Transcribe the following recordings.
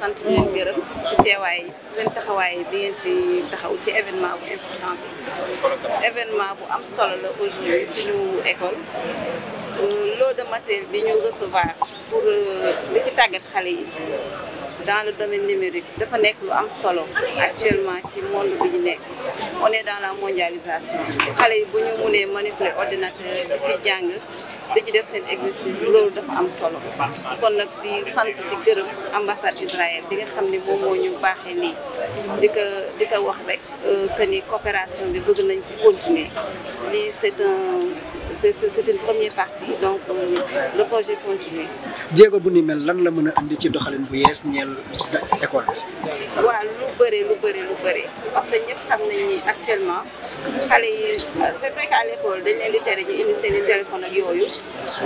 sant leen gërëm ci teewaay seen taxawaay bi ngeen fi taxaw ci événement bu important événement bu am solo la aujourd'hui suñu école euh, lot de matériel bi ñu recevoir pour li euh, ci tàggat xale yi dans le domaine numérique dafa nekk lu am solo actuellement ci monde bi ñu nekk on est mondialisation xale yi bu ñu nee manipuler ordinateur di si jàng di def seen exercice loolu dafa am solo kon nag di sant di gërëm ambassade Israël bi nga xam ne moom moo ñu baaxee nii di ko di ko wax rek euh, que ni coopération bi bëgg nañ ko continuer lii c'est un c'est une première partie donc euh, le projet continue. jéego bu ni mel lan la mën a indi ci doxalin bu yees ñeel école bi. waaw lu bëri lu bëri lu bëri parce que ñëpp xam nañ ni actuellement. xale yi euh, c'est vrai l'école dañ leen di tere ñu indi seen téléphone yooyu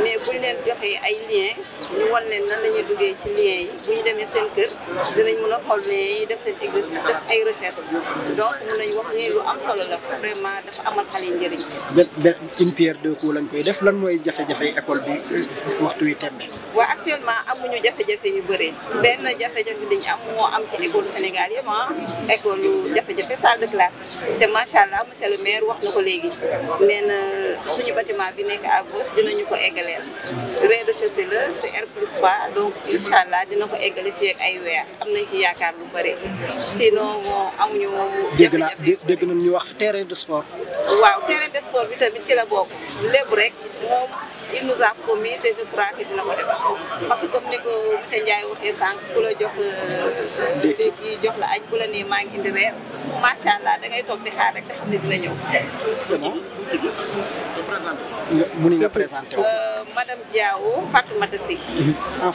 mais bu buñ leen joxee ay lien ñu wan leen nan la ñuy duggee ci lien yi buñ demee seen kër dinañ mun a xool ne def seen exercice ay recherche donc wax ni am solo la vraiment dafa amal xale yi njëriñ une pierre deux coups lañ koy def lan mooy jafe-jafe école bi euh, waxtu wi bi waaw actuellement amuñu jafe-jafe yu bëri benn jafe-jafe dañu am moo am ci école Sénégal yëpp ah, école yu jafe-jafe salle de classe te macha allah monsieur maire wax na ko léegi nee na suñu bâtiment bi nekk à gauche dinañu ko eggaleel rez-de-chaussée la c'est R plus donc incha allah dina ko eggale fii ay weer am nañ ci yaakaar lu bëri sinon moo amuñu. dégg naa dégg nañ ñu wax terrain de sport. waaw terrain de sport bi tamit ci la bokk lépp rek moom. il nous a promis te je crois que dina ko def parce que comme ni ko monsieur Ndiaye waxee sànq ku la jox euh, la añ ku la nii indi reer macha allah da toog di xaar rek te xam ne dina ñëw. c'est nga mën nga présenté euh, madame Diawo Fatoumata